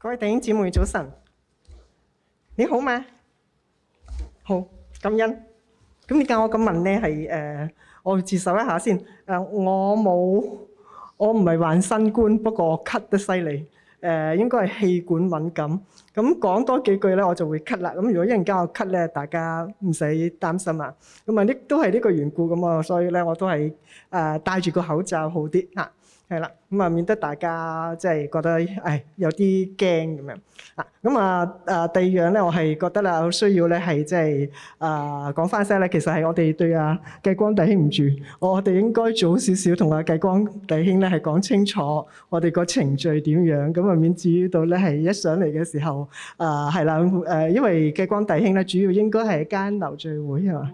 各位弟兄姊妹早晨，你好嗎？好，感恩。咁點解我咁問咧，係誒，我自首一下先。誒，我冇，我唔係患新冠，不過咳得犀利。誒，應該係氣管敏感。咁講多幾句咧，我就會咳啦。咁如果一陣間我咳咧，大家唔使擔心啊。咁啊，呢都係呢個緣故咁啊，所以咧，我都係誒戴住個口罩好啲嚇。係啦，咁啊免得大家即係覺得誒有啲驚咁樣啊，咁啊誒第二樣咧，我係覺得啦，好需要咧係即係誒講翻聲咧，其實係我哋對阿繼光弟兄唔住，我哋應該早少少同阿繼光弟兄咧係講清楚我哋個程序點樣，咁啊免至於到咧係一上嚟嘅時候，啊係啦誒，因為繼光弟兄咧主要應該係一間樓聚會係嘛。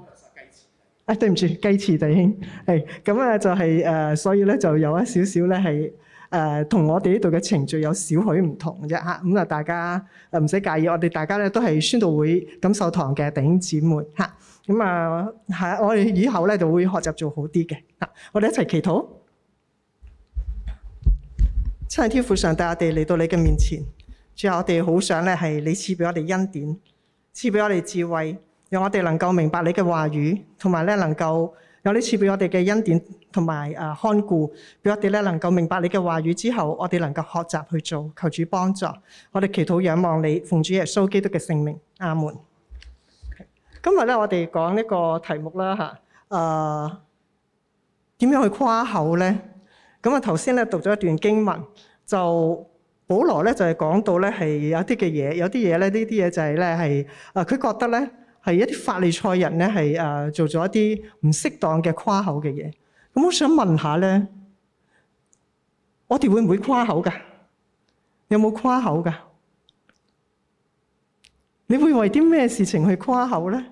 哎，對唔住，雞翅弟兄，係咁啊，就係、是、誒、呃，所以咧就有一少少咧係誒，同、呃、我哋呢度嘅程序有少許唔同啫吓。咁啊、嗯，大家唔使介意，我哋大家咧都係宣道會錦繡堂嘅弟兄姊妹吓。咁啊，係、嗯啊、我哋以後咧就會學習做好啲嘅。吓、啊，我哋一齊祈禱。親愛的天父上帝，我哋嚟到你嘅面前，最後我哋好想咧係你賜俾我哋恩典，賜俾我哋智慧。讓我哋能夠明白你嘅話語，同埋咧能夠有呢次俾我哋嘅恩典同埋誒看顧，俾我哋咧能夠明白你嘅話語之後，我哋能夠學習去做，求主幫助。我哋祈禱仰望你，奉主耶穌基督嘅聖名，阿門。今日咧，我哋講呢個題目啦吓，誒，點樣去誇口咧？咁啊，頭先咧讀咗一段經文，就保羅咧就係講到咧係有一啲嘅嘢，有啲嘢咧，呢啲嘢就係咧係誒佢覺得咧。係一啲法利賽人咧，係誒做咗一啲唔適當嘅誇口嘅嘢。咁我想問下咧，我哋會唔會誇口噶？有冇誇口噶？你會為啲咩事情去誇口咧？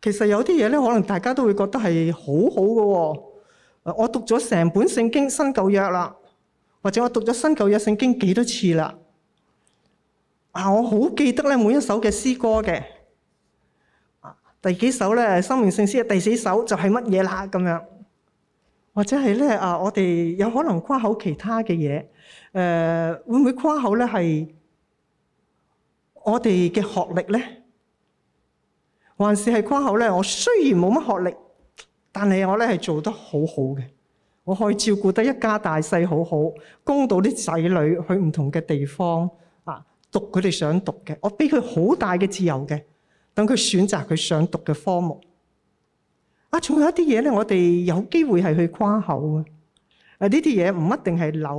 其實有啲嘢咧，可能大家都會覺得係好好嘅喎。我讀咗成本聖經新舊約啦，或者我讀咗新舊約聖經幾多次啦。啊！我好記得咧，每一首嘅詩歌嘅，第幾首咧？生命聖詩嘅第四首就係乜嘢啦？咁樣，或者係咧啊！我哋有可能誇口其他嘅嘢，誒、呃，會唔會誇口咧？係我哋嘅學歷咧，還是係誇口咧？我雖然冇乜學歷，但係我咧係做得好好嘅，我可以照顧得一家大細好好，供到啲仔女去唔同嘅地方。讀佢哋想讀嘅，我俾佢好大嘅自由嘅，等佢選擇佢想讀嘅科目。啊，仲有一啲嘢咧，我哋有機會係去誇口啊！呢啲嘢唔一定係樓，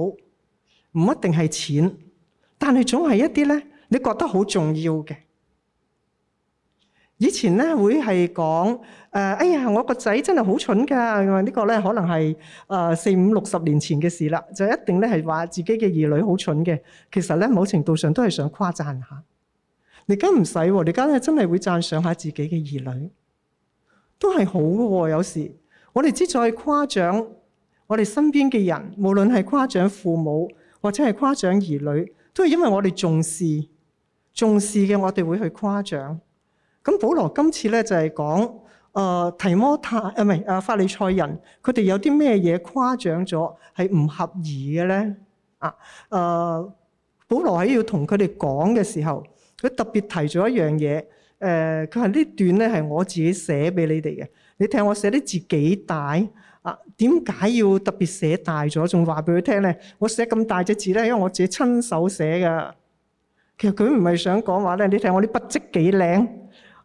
唔一定係錢，但係總係一啲咧，你覺得好重要嘅。以前咧，會係講誒，哎呀，我個仔真係好蠢噶。呢個咧可能係誒四五六十年前嘅事啦，就一定咧係話自己嘅兒女好蠢嘅。其實咧某程度上都係想誇讚下，你而家唔使，你而家真係會讚賞下自己嘅兒女，都係好嘅。有時我哋只再誇獎我哋身邊嘅人，無論係誇獎父母或者係誇獎兒女，都係因為我哋重視重視嘅，我哋會去誇獎。咁，保羅今次咧就係講誒提摩太、呃、啊，唔係法利賽人，佢哋有啲咩嘢誇獎咗係唔合宜嘅咧啊？誒，保羅喺要同佢哋講嘅時候，佢特別提咗一樣嘢。誒、呃，佢話呢段咧係我自己寫俾你哋嘅。你睇我寫啲字幾大啊？點解要特別寫大咗？仲話俾佢聽咧？我寫咁大隻字咧，因為我自己親手寫噶。其實佢唔係想講話咧，你睇我啲筆跡幾靚。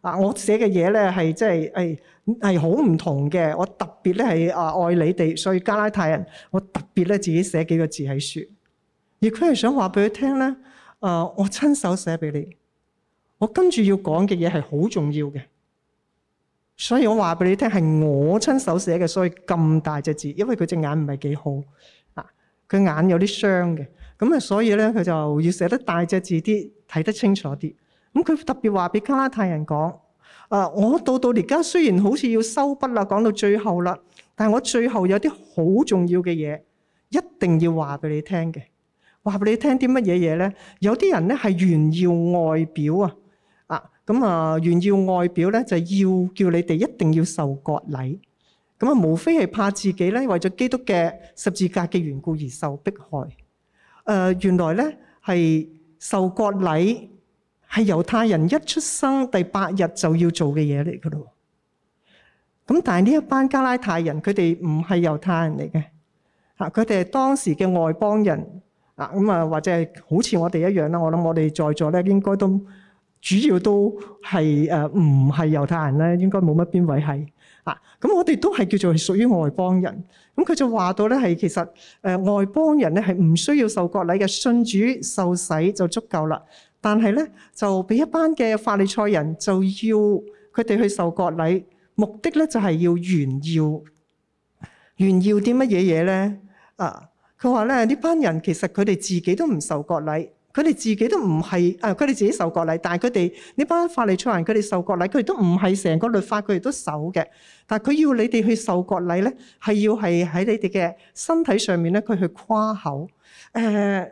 啊！我寫嘅嘢咧係即係係係好唔同嘅。我特別咧係啊愛你哋，所以加拉太人，我特別咧自己寫幾個字喺書。而佢係想話俾佢聽咧，啊、呃！我親手寫俾你，我跟住要講嘅嘢係好重要嘅。所以我話俾你聽係我親手寫嘅，所以咁大隻字，因為佢隻眼唔係幾好啊，佢眼有啲傷嘅，咁啊所以咧佢就要寫得大隻字啲，睇得清楚啲。咁佢特別話俾加拉太人講，誒，我到到而家雖然好似要收筆啦，講到最後啦，但係我最後有啲好重要嘅嘢，一定要話俾你聽嘅。話俾你聽啲乜嘢嘢咧？有啲人咧係炫耀外表啊，啊，咁啊炫耀外表咧就係要叫你哋一定要受割禮。咁啊，無非係怕自己咧為咗基督嘅十字架嘅緣故而受迫害。誒，原來咧係受割禮。係猶太人一出生第八日就要做嘅嘢嚟噶咯，咁但係呢一班加拉太人佢哋唔係猶太人嚟嘅，啊佢哋係當時嘅外邦人啊，咁啊或者係好似我哋一樣啦，我諗我哋在座咧應該都主要都係誒唔係猶太人咧，應該冇乜邊位係啊，咁我哋都係叫做屬於外邦人，咁佢就話到咧係其實誒外邦人咧係唔需要受割禮嘅，信主受洗就足夠啦。但係咧，就俾一班嘅法利賽人就要佢哋去受割禮，目的咧就係要炫耀、炫耀啲乜嘢嘢咧？啊，佢話咧呢班人其實佢哋自己都唔受割禮，佢哋自己都唔係啊，佢哋自己受割禮，但係佢哋呢班法利賽人佢哋受割禮，佢哋都唔係成個律法佢哋都守嘅。但係佢要你哋去受割禮咧，係要係喺你哋嘅身體上面咧，佢去誇口。誒、呃，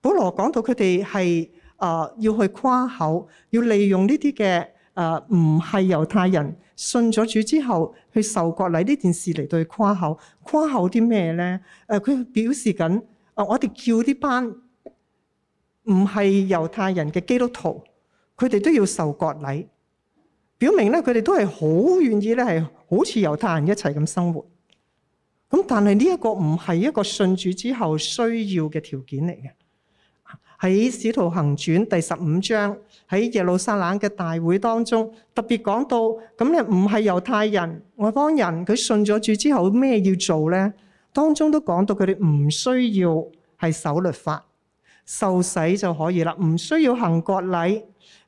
保羅講到佢哋係。啊、呃，要去誇口，要利用呢啲嘅啊，唔係猶太人信咗主之後去受割禮呢件事嚟對佢誇口。誇口啲咩呢？誒、呃，佢表示緊，啊、呃，我哋叫啲班唔係猶太人嘅基督徒，佢哋都要受割禮，表明咧佢哋都係好願意咧，係好似猶太人一齊咁生活。咁但係呢一個唔係一個信主之後需要嘅條件嚟嘅。喺《使徒行傳》第十五章喺耶路撒冷嘅大會當中，特別講到咁咧，唔係猶太人外邦人佢信咗主之後咩要做呢？當中都講到佢哋唔需要係守律法受洗就可以啦，唔需要行割禮，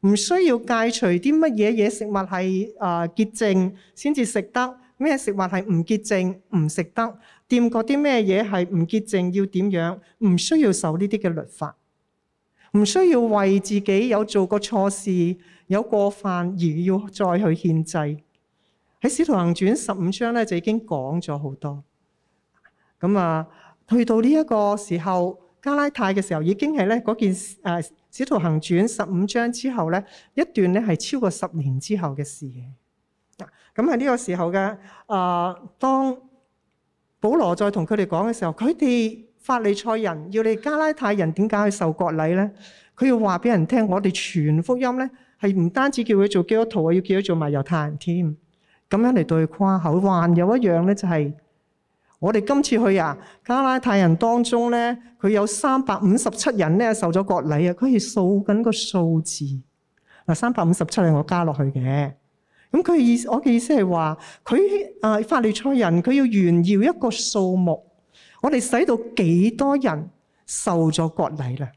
唔需要戒除啲乜嘢嘢食物係啊潔淨先至食得，咩食物係唔潔淨唔食得，掂嗰啲咩嘢係唔潔淨要點樣？唔需要守呢啲嘅律法。唔需要為自己有做過錯事、有過犯而要再去獻祭。喺《使徒行傳》十五章咧，就已經講咗好多。咁啊，去到呢一個時候，加拉太嘅時候已經係咧嗰件誒《使徒行傳》十五章之後咧一段咧係超過十年之後嘅事。咁喺呢個時候嘅誒，當保羅再同佢哋講嘅時候，佢哋。法利賽人要你加拉太人點解去受國禮咧？佢要話俾人聽，我哋全福音咧係唔單止叫佢做基督徒啊，要叫佢做埋猶太人添。咁樣嚟對佢誇口。還有一樣咧就係、是、我哋今次去啊，加拉太人當中咧，佢有三百五十七人咧受咗國禮啊，佢係數緊個數字嗱，三百五十七係我加落去嘅。咁佢嘅意我嘅意思係話佢啊，法利賽人，佢要炫耀一個數目。我哋使到幾多人受咗割禮啦？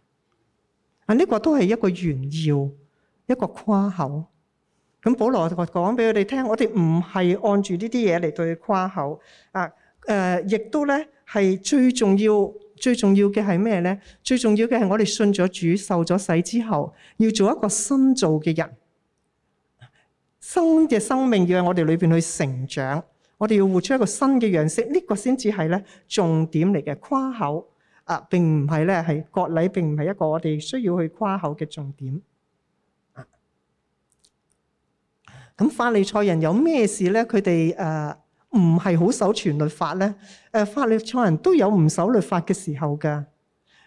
啊，呢個都係一個炫耀，一個誇口。咁保羅講俾佢哋聽，我哋唔係按住呢啲嘢嚟對佢誇口啊。誒，亦都咧係最重要、最重要嘅係咩咧？最重要嘅係我哋信咗主、受咗洗之後，要做一個新造嘅人，新嘅生命要喺我哋裏邊去成長。我哋要活出一個新嘅樣式，呢個先至係咧重點嚟嘅。誇口啊，並唔係咧係割禮，並唔係一個我哋需要去誇口嘅重點。咁法利賽人有咩事咧？佢哋誒唔係好守全律法咧。誒法利賽人都有唔守律法嘅時候㗎。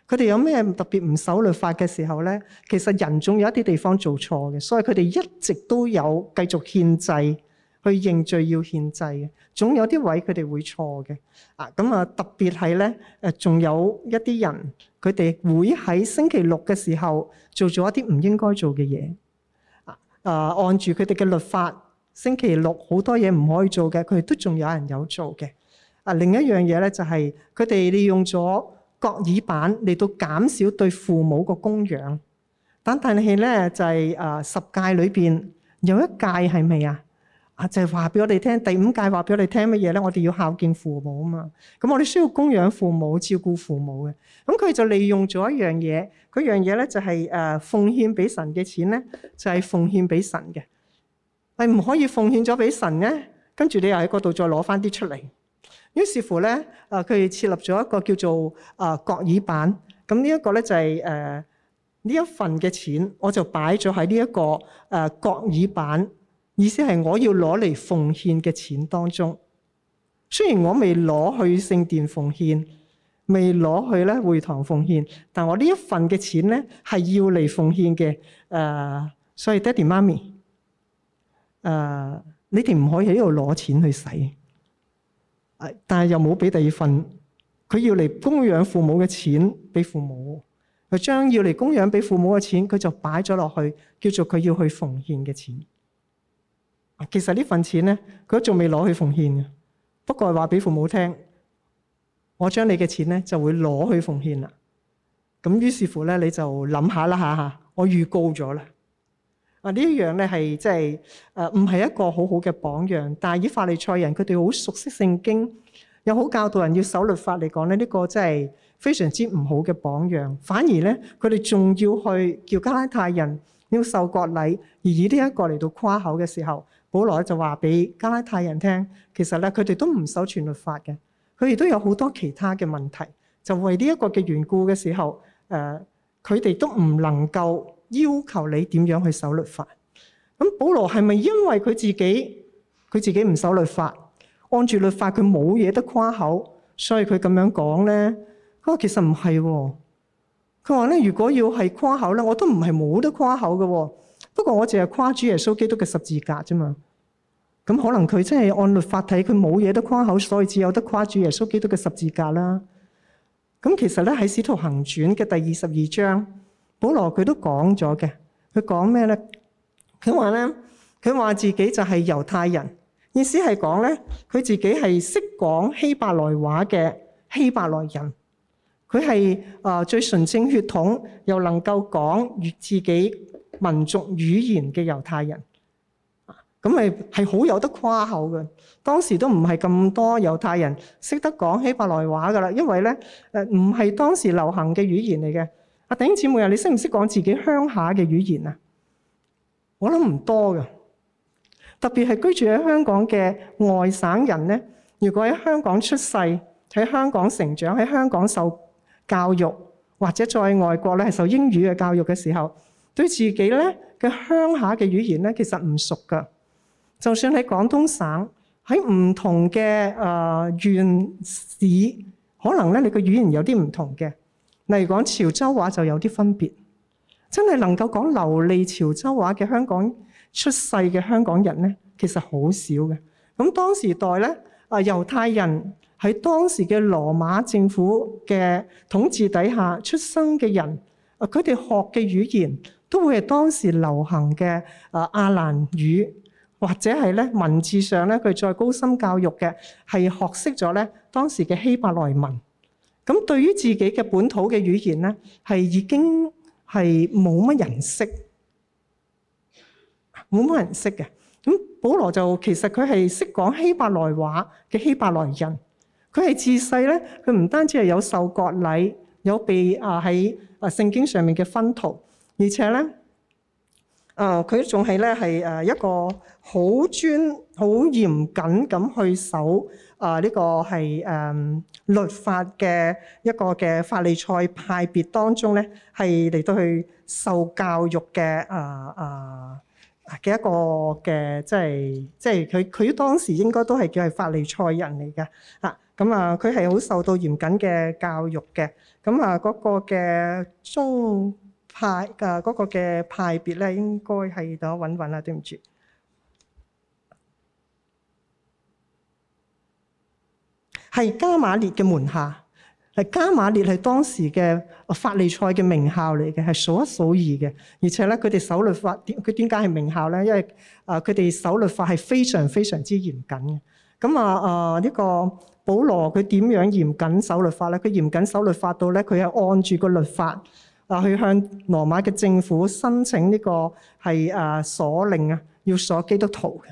佢哋有咩特別唔守律法嘅時候咧？其實人總有一啲地方做錯嘅，所以佢哋一直都有繼續獻祭。去認罪要獻祭嘅，總有啲位佢哋會錯嘅啊！咁啊，特別係咧，誒，仲有一啲人佢哋會喺星期六嘅時候做咗一啲唔應該做嘅嘢啊！誒，按住佢哋嘅律法，星期六好多嘢唔可以做嘅，佢哋都仲有人有做嘅啊！另一樣嘢咧就係佢哋利用咗各耳板嚟到減少對父母個供養，但係咧就係誒十誡裏邊有一誡係咪啊？啊！就係話俾我哋聽，第五誡話俾我哋聽乜嘢咧？我哋要孝敬父母啊嘛。咁我哋需要供養父母、照顧父母嘅。咁佢就利用咗一樣嘢，嗰樣嘢咧就係誒奉獻俾神嘅錢咧，就係、是、奉獻俾神嘅。係唔可以奉獻咗俾神咧？跟住你又喺嗰度再攞返啲出嚟。於是乎咧，誒佢設立咗一個叫做誒、呃、國耳板。咁呢一個咧就係誒呢一份嘅錢，我就擺咗喺呢一個誒、呃、國耳板。意思係我要攞嚟奉獻嘅錢當中，雖然我未攞去聖殿奉獻，未攞去咧會堂奉獻，但我呢一份嘅錢咧係要嚟奉獻嘅。誒、啊，所以爹哋媽咪，誒、啊、你哋唔可以喺度攞錢去使。但係又冇俾第二份，佢要嚟供養父母嘅錢俾父母。佢將要嚟供養俾父母嘅錢，佢就擺咗落去，叫做佢要去奉獻嘅錢。其實呢份錢呢，佢都仲未攞去奉獻嘅。不過話俾父母聽，我將你嘅錢呢就會攞去奉獻啦。咁於是乎呢，你就諗下啦嚇嚇。我預告咗啦。啊這呢一樣呢係即係誒唔係一個很好好嘅榜樣，但係以法利賽人佢哋好熟悉聖經，又好教導人要守律法嚟講咧，呢、這個真係非常之唔好嘅榜樣。反而呢，佢哋仲要去叫加拉太人要受割禮，而以呢一個嚟到誇口嘅時候。保羅就話俾加拉太人聽，其實咧佢哋都唔守全律法嘅，佢亦都有好多其他嘅問題，就為呢一個嘅緣故嘅時候，誒佢哋都唔能夠要求你點樣去守律法。咁保羅係咪因為佢自己佢自己唔守律法，按住律法佢冇嘢得誇口，所以佢咁樣講咧？佢話其實唔係、哦，佢話咧如果要係誇口咧，我都唔係冇得誇口嘅、哦，不過我淨係誇主耶穌基督嘅十字架啫嘛。咁可能佢真係按律法睇，佢冇嘢得誇口，所以只有得誇主耶穌基督嘅十字架啦。咁其實咧喺《使徒行傳》嘅第二十二章，保羅佢都講咗嘅。佢講咩咧？佢話咧，佢話自己就係猶太人，意思係講咧，佢自己係識講希伯來話嘅希伯來人，佢係啊最純正血統，又能夠講自己民族語言嘅猶太人。咁咪係好有得誇口嘅，當時都唔係咁多猶太人識得講起白來話噶啦，因為咧誒唔係當時流行嘅語言嚟嘅。阿頂姊妹啊，你識唔識講自己鄉下嘅語言啊？我諗唔多噶，特別係居住喺香港嘅外省人咧。如果喺香港出世、喺香港成長、喺香港受教育，或者在外國咧係受英語嘅教育嘅時候，對自己咧嘅鄉下嘅語言咧其實唔熟噶。就算喺廣東省，喺唔同嘅誒、呃、縣市，可能咧你個語言有啲唔同嘅。例如講潮州話就有啲分別。真係能夠講流利潮州話嘅香港出世嘅香港人咧，其實好少嘅。咁當時代咧，啊猶太人喺當時嘅羅馬政府嘅統治底下出生嘅人，佢哋學嘅語言都會係當時流行嘅啊亞蘭語。或者係咧文字上咧，佢再高深教育嘅係學識咗咧當時嘅希伯來文。咁對於自己嘅本土嘅語言咧，係已經係冇乜人識，冇乜人識嘅。咁保羅就其實佢係識講希伯來話嘅希伯來人，佢係自細咧，佢唔單止係有受割禮，有被啊喺啊聖經上面嘅分圖，而且咧。啊！佢仲係咧，係誒一個好專好嚴謹咁去守啊呢個係誒律法嘅一個嘅法利賽派別當中咧，係嚟到去受教育嘅啊，啊嘅一個嘅，即係即係佢佢當時應該都係叫係法利賽人嚟嘅啊，咁啊，佢係好受到嚴謹嘅教育嘅，咁啊嗰個嘅宗派嘅嗰、啊嗰個嘅派別咧，應該係我揾揾啦。對唔住，係加馬列嘅門下，係加馬列係當時嘅法利賽嘅名校嚟嘅，係數一數二嘅。而且咧，佢哋守律法，佢點解係名校咧？因為啊，佢、呃、哋守律法係非常非常之嚴謹嘅。咁啊啊，呢、呃呢個保羅佢點樣嚴謹守律法咧？佢嚴謹守律法到咧，佢係按住個律法。嗱，去向羅馬嘅政府申請呢個係啊鎖令啊，要鎖基督徒嘅，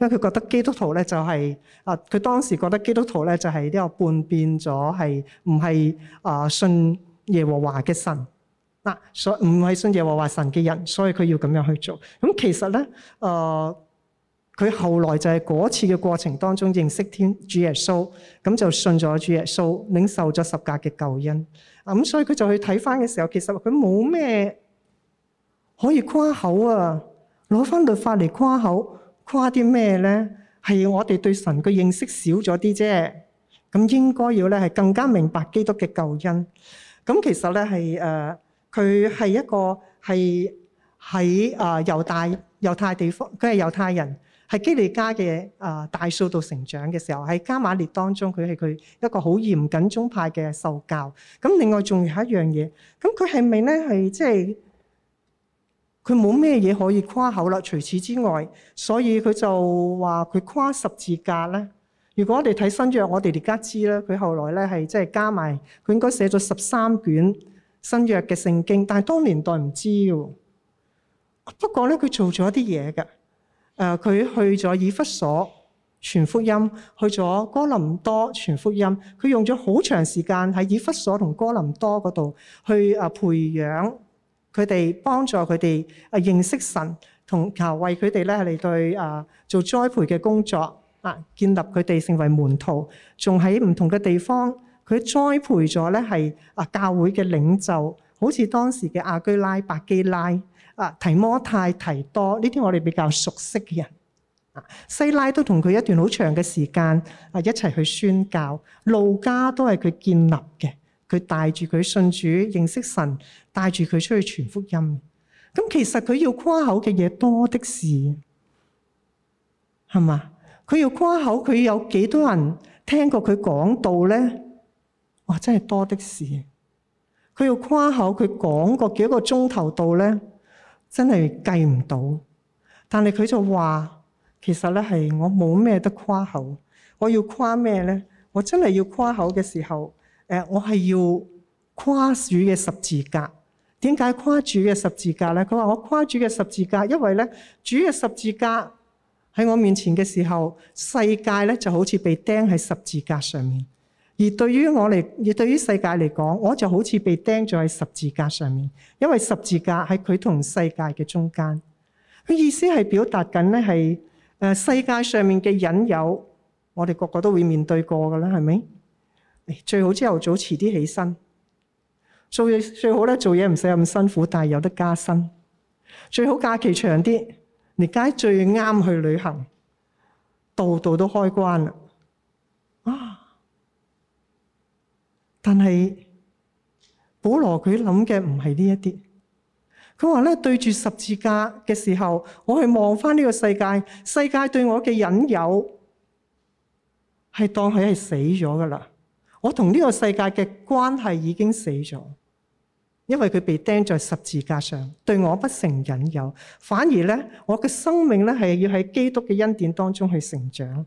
因為佢覺得基督徒咧就係、是、啊，佢當時覺得基督徒咧就係呢個叛變咗，係唔係啊信耶和華嘅神嗱，所唔係信耶和華神嘅人，所以佢要咁樣去做。咁其實咧，啊、呃、佢後來就係嗰次嘅過程當中認識天主耶穌，咁就信咗主耶穌，領受咗十架嘅救恩。咁所以佢就去睇翻嘅時候，其實佢冇咩可以誇口啊！攞翻律法嚟誇口，誇啲咩咧？係我哋對神嘅認識少咗啲啫。咁應該要咧係更加明白基督嘅救恩。咁其實咧係誒，佢係一個係喺啊猶大猶太地方，佢係猶太人。係基利家嘅啊，大數度成長嘅時候，喺迦瑪列當中，佢係佢一個好嚴謹宗派嘅受教。咁另外仲有一樣嘢，咁佢係咪咧係即係佢冇咩嘢可以誇口啦？除此之外，所以佢就話佢誇十字架咧。如果我哋睇新約，我哋而家知啦，佢後來咧係即係加埋佢應該寫咗十三卷新約嘅聖經，但係當年代唔知㗎。不過咧，佢做咗啲嘢嘅。誒佢去咗以弗所傳福音，去咗哥林多傳福音。佢用咗好長時間喺以弗所同哥林多嗰度去誒培養佢哋，幫助佢哋誒認識神，同然後為佢哋咧嚟對誒做栽培嘅工作啊，建立佢哋成為門徒。仲喺唔同嘅地方，佢栽培咗咧係啊教會嘅領袖，好似當時嘅亞居拉、百基拉。啊！提摩太、提多呢啲我哋比較熟悉嘅人，啊西拉都同佢一段好長嘅時間啊一齊去宣教，路加都係佢建立嘅，佢帶住佢信主認識神，帶住佢出去傳福音。咁其實佢要誇口嘅嘢多的是，係嘛？佢要誇口，佢有幾多人聽過佢講道呢？哇！真係多的是，佢要誇口，佢講過幾個鐘頭到呢。真係計唔到，但係佢就話：其實咧係我冇咩得誇口，我要誇咩咧？我真係要誇口嘅時候，呃，我係要誇主嘅十字架。點解誇主嘅十字架咧？佢話我誇主嘅十字架，因為咧主嘅十字架喺我面前嘅時候，世界咧就好似被釘喺十字架上面。而對於我嚟，而對於世界嚟講，我就好似被釘咗喺十字架上面，因為十字架喺佢同世界嘅中間。佢意思係表達緊咧係，誒世界上面嘅引誘，我哋個個都會面對過㗎啦，係咪？最好朝頭早，遲啲起身做嘢最好咧，做嘢唔使咁辛苦，但係有得加薪。最好假期長啲，年假最啱去旅行，度度都開關啦。但係保羅佢諗嘅唔係呢一啲，佢話咧對住十字架嘅時候，我去望返呢個世界，世界對我嘅引誘係當佢係死咗㗎喇。我同呢個世界嘅關係已經死咗，因為佢被釘在十字架上，對我不成引誘，反而呢，我嘅生命咧係要喺基督嘅恩典當中去成長。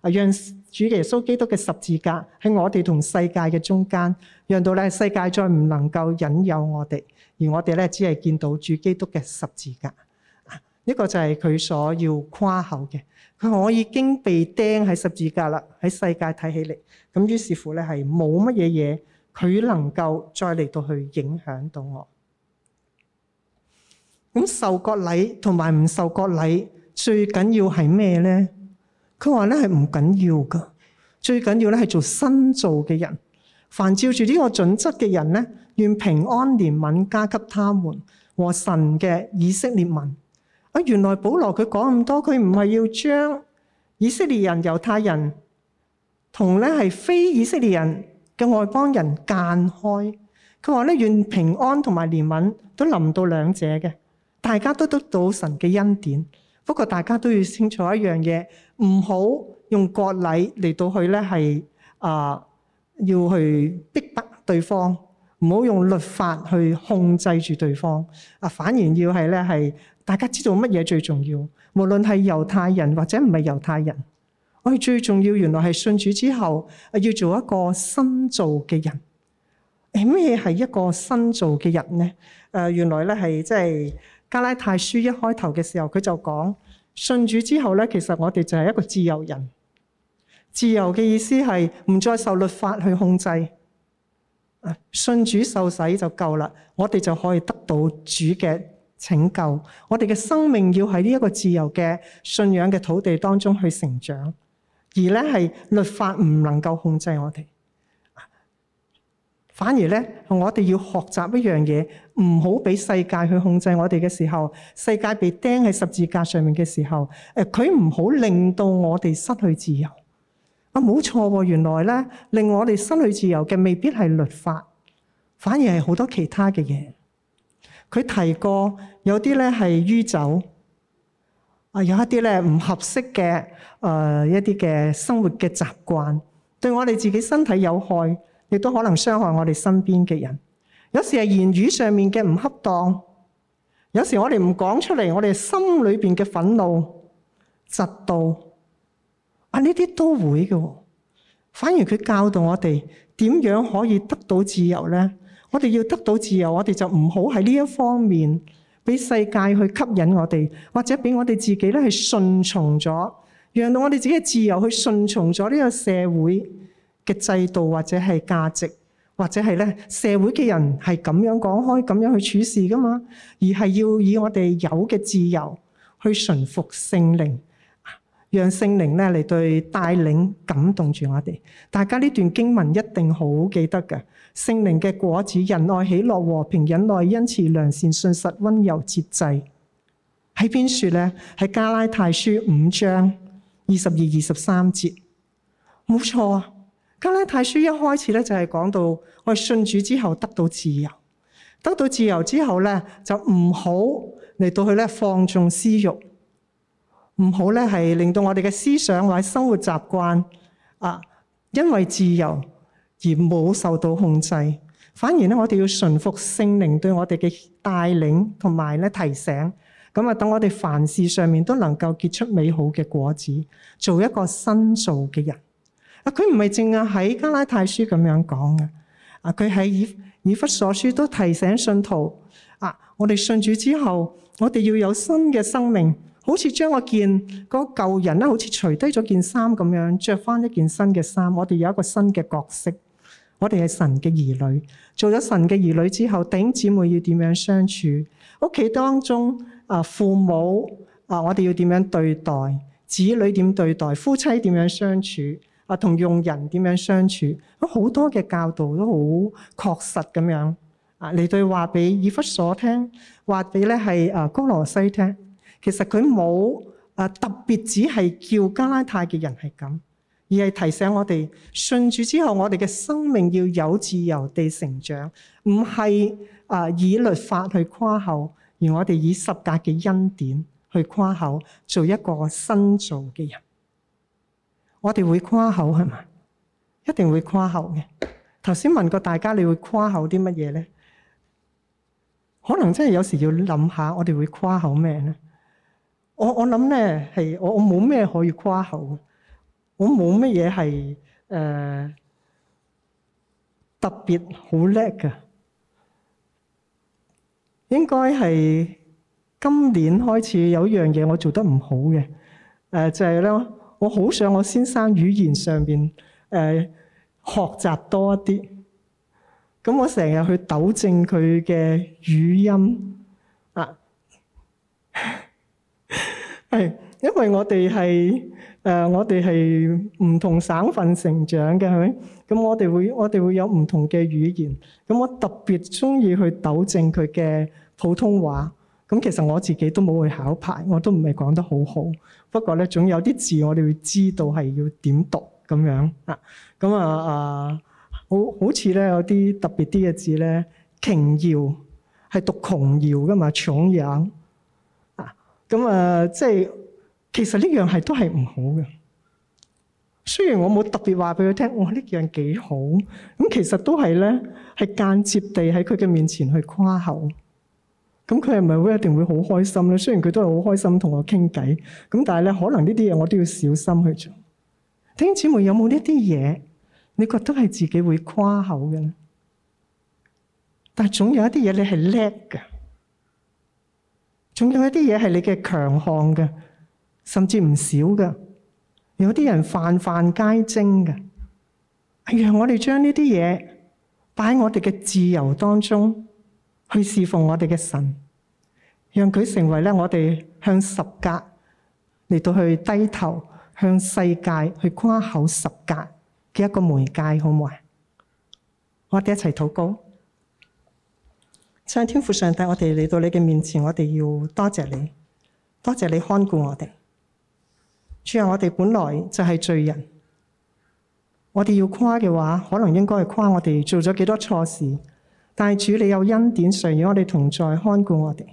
啊！讓主耶穌基督嘅十字架喺我哋同世界嘅中間，讓到咧世界再唔能夠引誘我哋，而我哋咧只係見到主基督嘅十字架。呢、這個就係佢所要誇口嘅。佢話我已經被釘喺十字架啦，喺世界睇起嚟，咁於是乎咧係冇乜嘢嘢佢能夠再嚟到去影響到我。咁受割禮同埋唔受割禮，最緊要係咩咧？佢話咧係唔緊要㗎，最緊要咧係做新造嘅人，凡照住呢個準則嘅人咧，願平安憐憫加給他們和神嘅以色列民。啊，原來保羅佢講咁多，佢唔係要將以色列人、猶太人同咧係非以色列人嘅外邦人間開。佢話咧願平安同埋憐憫都臨到兩者嘅，大家都得到神嘅恩典。不過大家都要清楚一樣嘢。唔好用割禮嚟到去咧，係啊，要去逼迫對方。唔好用律法去控制住對方啊，反而要係咧係大家知道乜嘢最重要？無論係猶太人或者唔係猶太人，我哋最重要原來係信主之後啊，要做一個新造嘅人。咩係一個新造嘅人呢？誒，原來咧係即係加拉太書一開頭嘅時候，佢就講。信主之後咧，其實我哋就係一個自由人。自由嘅意思係唔再受律法去控制。啊，信主受洗就夠啦，我哋就可以得到主嘅拯救。我哋嘅生命要喺呢一個自由嘅信仰嘅土地當中去成長，而咧係律法唔能夠控制我哋。反而咧，我哋要學習一樣嘢，唔好俾世界去控制我哋嘅時候，世界被釘喺十字架上面嘅時候，呃、佢唔好令到我哋失去自由。啊，冇錯喎，原來咧令我哋失去自由嘅未必係律法，反而係好多其他嘅嘢。佢提過有啲咧係酗酒，啊，有一啲咧唔合適嘅呃、一啲嘅生活嘅習慣，對我哋自己身體有害。亦都可能傷害我哋身邊嘅人，有時係言語上面嘅唔恰當，有時我哋唔講出嚟，我哋心裏邊嘅憤怒、嫉妒啊，呢啲都會嘅。反而佢教導我哋點樣可以得到自由呢？我哋要得到自由，我哋就唔好喺呢一方面俾世界去吸引我哋，或者俾我哋自己咧去順從咗，讓到我哋自己嘅自由去順從咗呢個社會。嘅制度或者係價值，或者係咧社會嘅人係咁樣講開，咁樣去處事噶嘛？而係要以我哋有嘅自由去順服聖靈，讓聖靈咧嚟對帶領、感動住我哋。大家呢段經文一定好記得嘅聖靈嘅果子：仁愛、喜樂、和平、忍耐、恩慈、良善、信實、溫柔、節制。喺邊處咧？喺加拉太書五章二十二、二十三節，冇錯啊！加拉太書一開始咧就係講到我哋信主之後得到自由，得到自由之後咧就唔好嚟到去咧放縱私欲。唔好咧係令到我哋嘅思想或者生活習慣啊，因為自由而冇受到控制，反而咧我哋要順服聖靈對我哋嘅帶領同埋咧提醒，咁啊等我哋凡事上面都能夠結出美好嘅果子，做一個新造嘅人。啊！佢唔係淨係喺加拉太書咁樣講嘅。啊，佢喺以以弗所書都提醒信徒啊，我哋信主之後，我哋要有新嘅生命，好似將我件嗰、嗰個、舊人咧，好似除低咗件衫咁樣，着返一件新嘅衫。我哋有一個新嘅角色，我哋係神嘅兒女。做咗神嘅兒女之後，弟兄姊妹要點樣相處？屋企當中啊，父母啊，我哋要點樣對待子女？點對待夫妻？點樣，樣相處？啊，同用人點樣相處？咁好多嘅教導都好確實咁樣啊，你對話俾以弗所聽，話俾咧係啊歌羅西聽。其實佢冇啊特別只係叫加拉太嘅人係咁，而係提醒我哋信主之後，我哋嘅生命要有自由地成長，唔係啊以律法去誇口，而我哋以十架嘅恩典去誇口，做一個新造嘅人。我哋會誇口係嘛，一定會誇口嘅。頭先問過大家，你會誇口啲乜嘢咧？可能真係有時要諗下，我哋會誇口咩咧？我我諗咧係我我冇咩可以誇口，我冇乜嘢係誒特別好叻㗎。應該係今年開始有一樣嘢我做得唔好嘅，誒就係咧。我好想我先生語言上面誒學習多一啲，咁我成日去糾正佢嘅語音啊，係因為我哋係誒我哋係唔同省份成長嘅，係咪？咁我哋會我哋會有唔同嘅語言，咁我特別鍾意去糾正佢嘅普通話。咁其實我自己都冇去考牌，我都唔係講得好好。不過咧，總有啲字我哋會知道係要點讀咁樣啊。咁啊啊，好好似咧有啲特別啲嘅字咧，瓊瑤係讀瓊瑤噶嘛，搶氧啊。咁啊，即係其實呢樣係都係唔好嘅。雖然我冇特別話俾佢聽，哇呢樣幾好。咁其實都係咧，係間接地喺佢嘅面前去誇口。咁佢係咪會一定會好開心咧？雖然佢都係好開心同我傾偈，咁但係咧，可能呢啲嘢我都要小心去做。弟兄姊妹有冇呢啲嘢？你覺得係自己會誇口嘅咧？但係總有一啲嘢你係叻㗎，總有一啲嘢係你嘅強項㗎，甚至唔少㗎。有啲人泛泛皆精㗎，讓我哋將呢啲嘢擺喺我哋嘅自由當中。去侍奉我哋嘅神，讓佢成為我哋向十格嚟，到去低頭向世界去誇口十格嘅一個媒介，好唔好啊？我哋一齊禱告，向天父上帝，我哋嚟到你嘅面前，我哋要多謝你，多謝你看顧我哋。主要我哋本來就係，罪人，我哋要誇嘅話，可能應該係，誇我哋做咗幾多錯事。大主，你有恩典常與我哋同在，看顧我哋，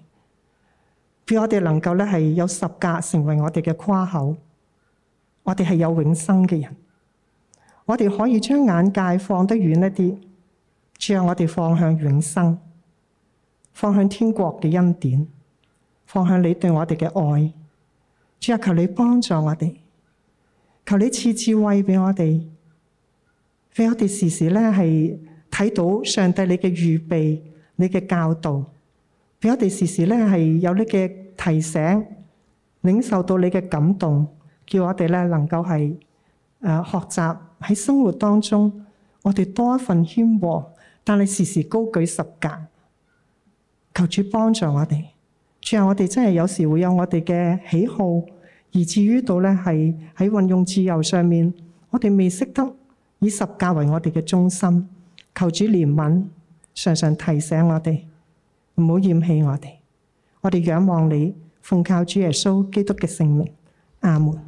俾我哋能夠咧係有十架成為我哋嘅誇口，我哋係有永生嘅人，我哋可以將眼界放得遠一啲，主啊，我哋放向永生，放向天國嘅恩典，放向你對我哋嘅愛，只啊，求你幫助我哋，求你賜智慧俾我哋，俾我哋時時咧係。睇到上帝你嘅預備，你嘅教導，畀我哋時時咧係有你嘅提醒，領受到你嘅感動，叫我哋咧能夠係誒、呃、學習喺生活當中，我哋多一份謙和，但係時時高舉十架，求主幫助我哋。最後我哋真係有時會有我哋嘅喜好，以至於到咧係喺運用自由上面，我哋未識得以十架為我哋嘅中心。求主憐憫，常常提醒我哋唔好嫌棄我哋，我哋仰望你，奉靠主耶穌基督嘅聖名，阿門。